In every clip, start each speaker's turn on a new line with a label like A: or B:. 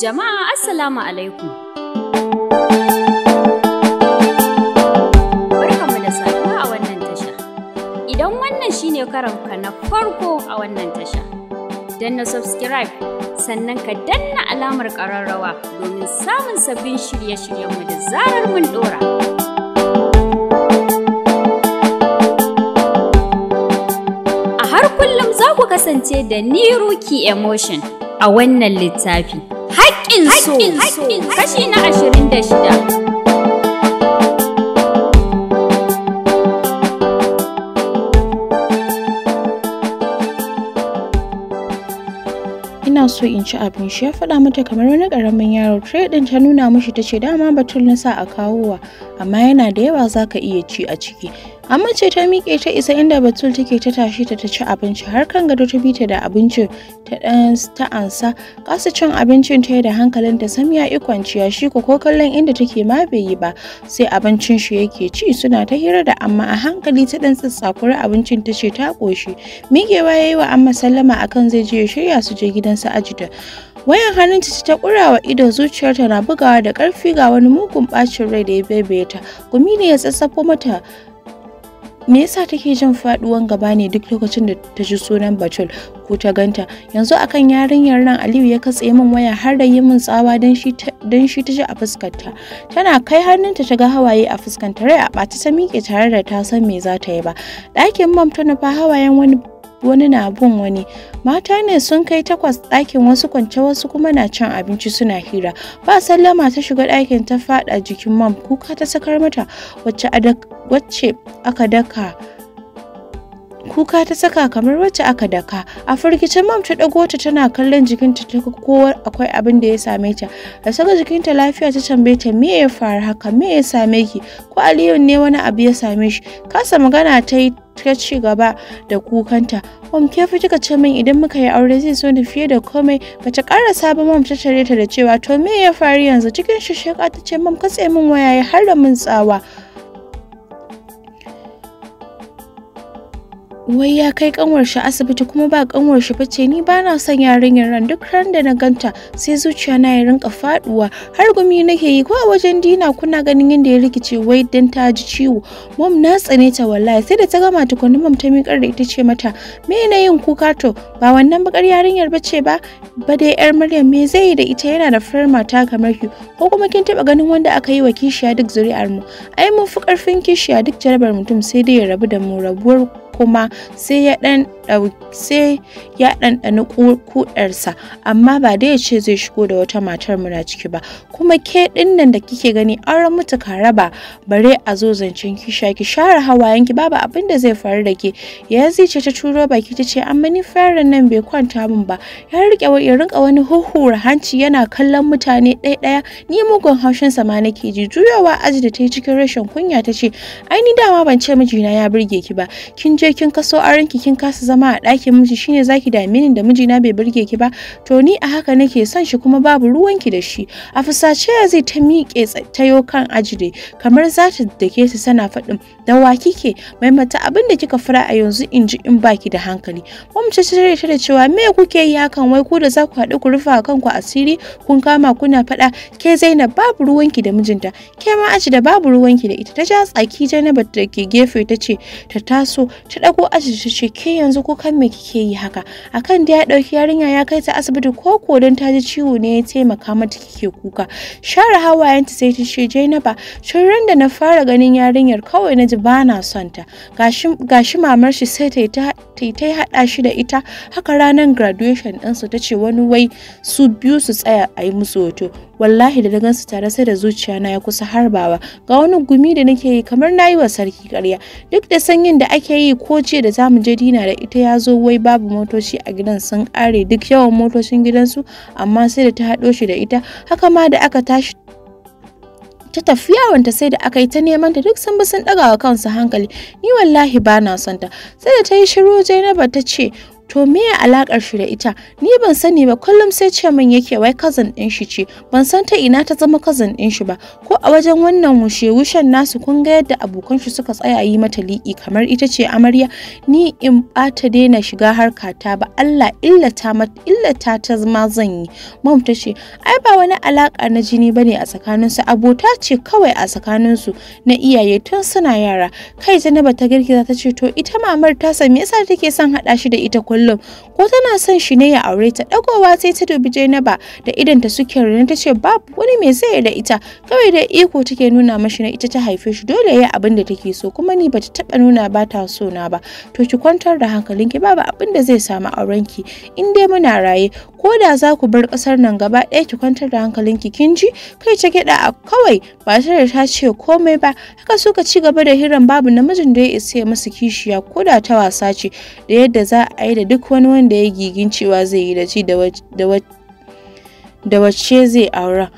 A: Jama'a Assalamu alaikum. Barkanmu da saduwa a wannan tasha. Idan wannan shine ka na farko a wannan tasha, na subscribe sannan ka danna alamar ƙararrawa domin samun sabbin shirye-shiryenmu da zarar mun ɗora. A har kullum za ku kasance da ni Ruki Emotion a wannan littafi. haƙƙin so kashi na ashirin da shida. ina so in ci abin shi ya faɗa mata kamar wani ƙaramin yaro tire ɗin ta nuna mashi ta ce dama batul na sa a kawowa amma yana da yawa za ka iya ci a ciki Amma ce ta miƙe ta isa inda Batul take ta tashi ta ci abinci har kan gado ta bi ta da abincin ta ɗan ta ansa kasa cin abincin ta da hankalin ta sam ya kwanciya shi ko ko kallon inda take ma bai yi ba sai abincin shi yake ci suna ta hira da amma a hankali ta ɗan kura abincin ta ce ta ƙoshi miƙewa ya yi wa amma sallama akan zai je ya shirya su je gidansa ajita Wayan hannunta ta kurawa ido zuciyarta na bugawa da ƙarfi ga wani mugun ɓacin rai da ya bebe ta. Gumi ne ya tsatsafo mata me yasa take jin faduwan gaba ne duk lokacin da ta ji sunan Batul ko ta ganta yanzu akan yarinyar nan Aliyu ya katse min waya har da yi min tsawa dan shi dan shi ta ji a fuskarta tana kai hannunta ta hawaye a fuskanta rai a bata ta miƙe tare da ta san me za ta yi ba ɗakin mam tana fa hawayen wani wani na bin wani mata ne sun kai takwas ɗakin wasu kwance wasu kuma na cin abinci suna hira ba sallama ta shiga ɗakin ta faɗa jikin mam kuka ta sakar mata wacce aka daka kuka ta saka kamar wacce aka daka a firgice mam ta dago ta tana kallon jikinta ta kowa akwai abin da ya same ta da saka jikinta lafiya ta tambaye ta me ya faru haka me ya same ki ko aliyu ne wani abu ya same shi kasa magana ta yi ta ci gaba da kukanta. Mom ke fi kika ce min idan muka yi aure zai so ni fiye da komai bata ƙara sabon mom ta tare ta da cewa to me ya faru yanzu cikin shisheka ta ce mom katse min waya ya har da mun tsawa. wai ya kai kanwar shi asibiti kuma ba kanwar shi bace ni ba na son yarinyar ran. duk ran da na ganta sai zuciya na ya rinka faduwa har gumi nake yi ko a wajen dina kuna ganin yadda ya rikice wai dan ta ji ciwo mom na tsane ta wallahi sai da ta gama tukunna mom ta miƙar da ita ce mata me na yin kuka to ba wannan bakar yarinyar bace ba ba dai yar Maryam me zai yi da ita yana da farar mata kamar ki ko kuma kin taba ganin wanda aka yi wa kishiya duk zuri'ar mu ai mun fi karfin kishiya duk jarabar mutum sai dai ya rabu da mu rabuwar kuma sai ya ɗan ɗauke ya ɗanɗani kuɗarsa amma ba dai ya ce zai shigo da wata matar muna ciki ba kuma ke ɗinnan da kike gani an ran mutu raba bare a zo zancen kisha ki share hawayenki babu abin da zai faru da ke yanzu ce ta turo baki ta ce amma ni fara nan bai kwanta min ba ya rike ya rinka wani huhura hanci yana kallon mutane ɗaya-ɗaya ni mugun haushin sa ma nake ji juyawa aji da ta yi cikin rashin kunya ta ce ai ni dama ban ce mijina ya birge ki ba kin je kin kaso aranki kin kasa zama zama a ɗakin miji shine zaki dame ni da mijina bai burge ki ba to ni a haka nake son shi kuma babu ruwan ki da shi a fusace zai ta miƙe tayo kan ajire kamar za ta dake su sana faɗin da wa kike mata abin da kika fara a yanzu in ji in baki da hankali mamce ta ta da cewa me kuke yi hakan wai ku da za ku haɗu ku rufa kanku asiri kun kama kuna faɗa ke Zainab babu ruwanki da mijinta ke ma aji da babu ruwanki da ita ta ja tsaki Zainab da ke gefe ta ce ta taso ta ɗago aji ta ce ke yanzu kukan me kike yi haka akan da ya ɗauki yarinya ya kai ta asibiti ko ko don ta ji ciwo ne ya taimaka mata kike kuka share hawayenta sai ta ce Jainaba tun da na fara ganin yarinyar kawai na ji ba na son ta gashi mamar shi sai ta ta ta haɗa shi da ita haka ranar graduation su ta ce wani wai su biyu su tsaya a yi musu hoto wallahi da na gansu tare sai da zuciya na ya kusa harbawa ga wani gumi da nake yi kamar nayi wa sarki ƙarya duk da sanyin da ake yi ko jiya da zamu je dina da ita ita ya zo wai babu motoci a gidan sun ƙare duk yawan motocin gidansu amma sai da ta haɗo shi da ita haka ma da aka tashi ta tafi yawanta sai da aka yi ta neman ta duk sun bi sun ɗaga wa kansu hankali ni wallahi ba na son ta sai da ta yi shiru Zainaba ta ce to me ya alakar shi da ita ni ban sani ba kullum sai ce min yake wai cousin din shi ce ban san ta ina ta zama cousin din shi ba ko a wajen wannan wushe wushen nasu kun ga yadda abokan shi suka tsaya yi mata liki kamar ita ce amarya ni in ɓata daina shiga harka ta ba Allah illata illata ta zama zan yi mom ta ce ai ba wani alaka na jini bane a tsakaninsu abota ce kawai a tsakaninsu na iyaye tun suna yara kai zanaba ta girgiza ta ce to ita mamar ta me yasa take son hada shi da ita kullum kullum ko tana son shi ne ya aure ta dagowa sai ta dubi Jainaba da ta suke rana ta ce babu wani mai zai da ita kawai da iko take nuna mashi na ita ta haife shi dole yayi abin da take so kuma ni bata taba nuna ba ta so na ba to ki kwantar da hankalinki babu abin da zai samu auren ki in dai muna raye ko da za ku bar kasar nan gaba ɗaya ki kwantar da hankalinki kin ji kai ta gyaɗa a kawai ba ta da ta ce komai ba haka suka ci gaba da hiran babu namijin da ya isa ya musu kishiya ko da ta wasa ce da yadda za a yi da duk wani wanda ya gigin cewa zai yi da ci da wacce zai aura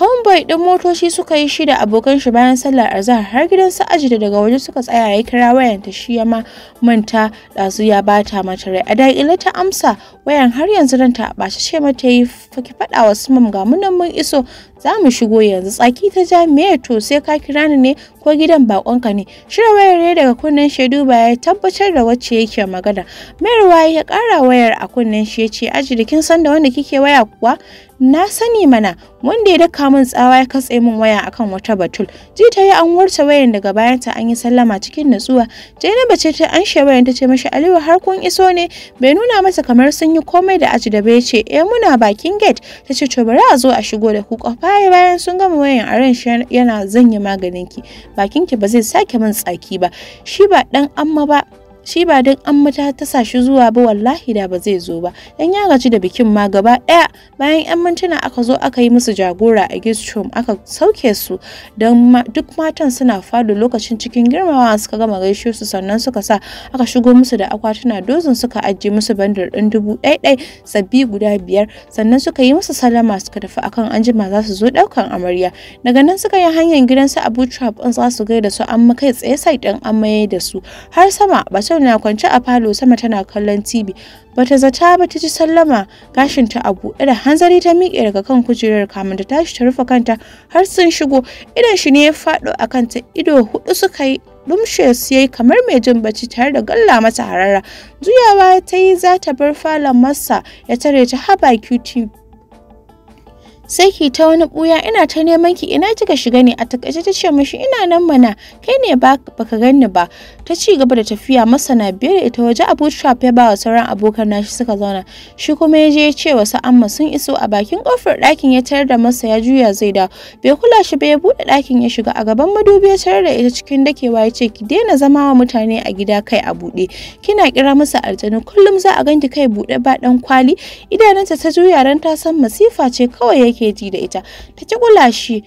A: Convoy ɗin motoci suka yi shida abokan shi bayan sallar azahar har gidan su daga waje suka tsaya ya kira wayan ta shi ya ma manta ɗazu ya bata mata rai. A daƙile ta amsa wayan har yanzu ranta ta ɓace ce mata yi faki faɗa wa sumam ga munan mun iso za mu shigo yanzu tsaki ta ja meye to sai ka kira ni ne ko gidan bakonka ne. shirin wayar ne daga kunnen shaidu ba ya tabbatar da wacce yake magana. Mayarwa ya kara wayar a kunnen shi ya ce aji da kin san da wanda kike waya kuwa na sani mana wanda ya daka min tsawa ya katse min waya akan wata batul ji ta yi an warta wayan daga bayan ta an yi sallama cikin natsuwa Zainabu ce ta an wayan ta ce mashi Aliyu har kun iso ne bai nuna masa kamar sun yi komai da aji da bai ce E, muna bakin gate ta ce to bari a zo a shigo da ku kofa bayan sun gama wayan a ran yana zanya maganin ki bakin ki ba zai sake min tsaki ba shi ba dan amma ba shi ba duk an mata ta sa shi zuwa ba wallahi da ba zai zo ba yan ya gaji da bikin ma gaba ɗaya bayan 'yan mintuna aka zo aka yi musu jagora a guest room aka sauke su don duk matan suna fado lokacin cikin girmamawa suka gama gaishe su sannan suka sa aka shigo musu da akwatuna dozin suka ajiye musu bandar ɗin dubu ɗaya-ɗaya sabbi guda biyar sannan suka yi musu salama suka tafi akan anjima za su zo ɗaukan amarya daga nan suka yi hanyar gidan su abu trap za su gaida su amma kai tsaye sai ɗin amaye da su har sama ba Maryam na kwance a falo sama tana kallon TV. Bata zata ba ta ji sallama gashinta a buɗe da hanzari ta miƙe daga kan kujerar kamun ta tashi ta rufe kanta har sun shigo. Idan shi ne ya faɗo a kanta ido huɗu suka yi dumshe su yayi kamar mai jin bacci tare da galla mata harara. Juyawa ta yi za ta bar falon masa ya tare ta haba QTV. sai ki ta wani buya ina ta neman ki ina kika shiga ne a takaice ta ce mishi ina nan mana kai ne baka ganni ba ta ci gaba da tafiya masana biyar da ita waje abu Shafe ya ba wa sauran abokan nashi suka zauna shi kuma ya je ya ce wasu amma sun iso a bakin kofar ɗakin ya tarar da masa ya juya zai dawo bai kula shi ba ya buɗe ɗakin ya shiga a gaban madubi ya tarar da ita cikin dakewa ya ce ki daina zama wa mutane a gida kai a buɗe kina kira masa aljanu kullum za a ganki kai buɗe ba ɗan kwali idanunta ta juya ran ta san masifa ce kawai yake take ji da ita ta ci kula shi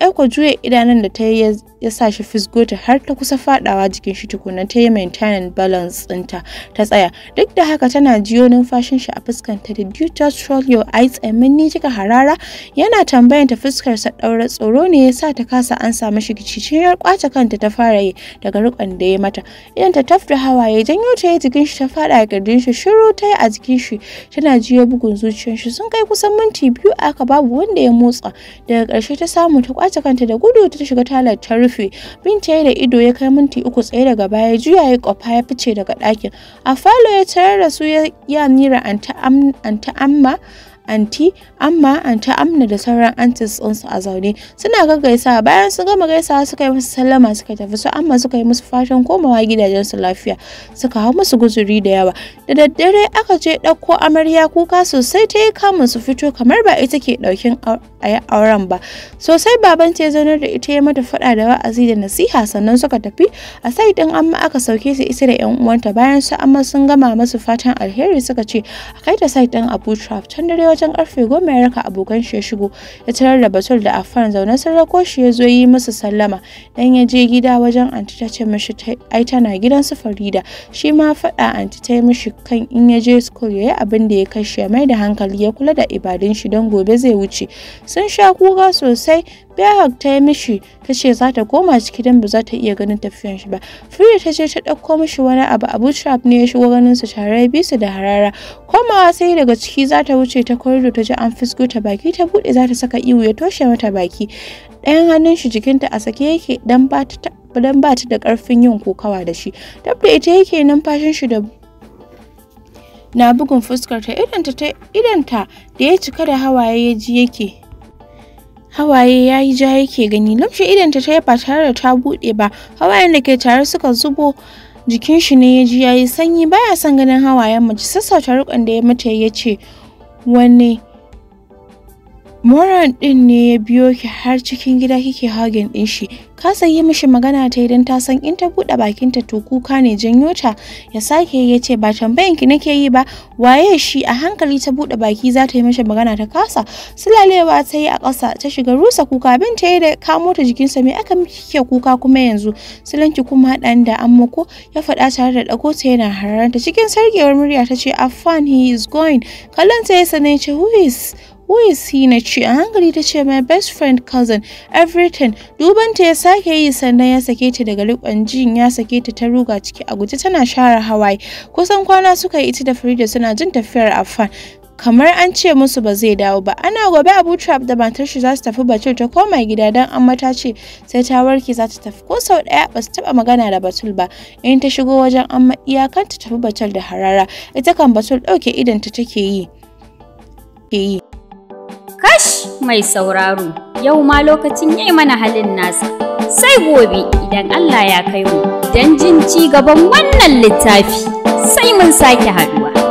A: aiko juya idanun da ta yi ya sa shi fisgota har ta kusa fadawa jikin shi tukuna ta yi maintain balance ɗinta ta tsaya duk da haka tana jiyo numfashin shi a fuskanta da you just roll your eyes and minni kika harara yana tambayan ta fuskar sa daura tsoro ne ya sa ta kasa ansa mishi gicicin ya kwace kanta ta fara yi daga rukan da ya mata idan ta tafda hawaye janyo ta yi jikin shi ta fada a girdin shi shiru ta yi a jikin shi tana jiyo bugun zuciyar shi sun kai kusan minti biyu aka babu wanda ya motsa daga karshe ta samu ta kwace kanta da gudu ta shiga talar ta rufe binta ya da ido ya kai minti uku tsaye daga baya juya ya kofa ya fice daga ɗakin a falo ya tarar da su ya nira ta amma anti amma anti amna da sauran antis ɗinsu a zaune suna gaggaisawa bayan sun gama gaisawa suka yi musu sallama suka tafi su amma suka yi musu fatan komawa gidajen su lafiya suka hau musu guzuri da yawa da daddare aka je dauko amarya kuka sosai ta yi kamun su fito kamar ba ita ke ɗaukin auren ba sosai baban ta zaunar da ita ya mata faɗa da wa'azi da nasiha sannan suka tafi a sai din amma aka sauke su isa da 'yan uwanta bayan su amma sun gama musu fatan alheri suka ce a kai ta sai din abu can dare wajen karfe goma ya raka abokan shi ya shigo ya tarar da batul da afan zaune sun rako shi ya zo yi musu sallama dan ya je gida wajen anti ta ce mishi ai tana gidan su farida shi ma faɗa anti ta yi mishi kan in ya je school ya yi abin da ya kashe mai da hankali ya kula da ibadun shi don gobe zai wuce sun sha kuka sosai Bayhawk ta yi mishi ta ce za ta koma ciki don ba za ta iya ganin tafiyan shi ba. Frida ta ce ta ɗauko mishi wani abu abu trap ne ya shigo ganin su tare bi su da harara. Komawa sai daga ciki za ta wuce ta korido ta ji an fisgo ta baki ta buɗe za ta saka iwu ya toshe mata baki. Ɗayan hannun shi jikinta a sake yake dan ba ta dan ba ta da ƙarfin yin kokawa da shi. tabda ita yake numfashin shi da na bugun fuskar fuskarta idanta da ya cika da hawaye ya ji yake hawaye ya yi ja yake gani lamshe idanta ta yi ba tare da ta buɗe ba hawayen da ke tare suka zubo jikin shi ne ya ji ya yi sanyi baya son ganin hawayen mace sassauta rikon da ya mata ya ce wani Moran din ne ya biyo ki har cikin gida kike hagen ɗin shi. Ka sayi mishi magana ta idan ta san in ta buɗe bakinta to kuka ne janyo ta. Ya sake ya ba tambayan ki nake yi ba waye shi a hankali ta buɗe baki za ta yi mishi magana ta kasa. Sulalewa ta yi a ƙasa ta shiga rusa kuka bin ta yi da kamo ta sa me aka miki kuka kuma yanzu. Sulanki kuma dan da amma ko ya faɗa tare da ɗago ta yana hararanta cikin sargewar murya ta ce afan he is going. Kallon ta ya sane ce who is Who is he na ce a hankali ta ce my best friend cousin everything dubanta ya sake yi sannan ya sake ta daga rikon jin ya sake ta ta ruga ciki a guje tana share hawaye kusan kwana suka yi ita da Farida suna jin tafiyar Affan kamar an ce musu ba zai dawo ba ana gobe abu trap da matar shi za su tafi batul ta koma gida don an mata ce sai ta warke za ta tafi ko sau daya ba su taba magana da batul ba in ta shigo wajen amma iyakanta tafi batul da harara ita kan batul dauke idan ta take ke yi mai sauraro, yau ma lokacin yi mana halin nasa. Sai gobe idan Allah ya kai mu, don jin ci gaban wannan littafi, sai mun sake haɗuwa.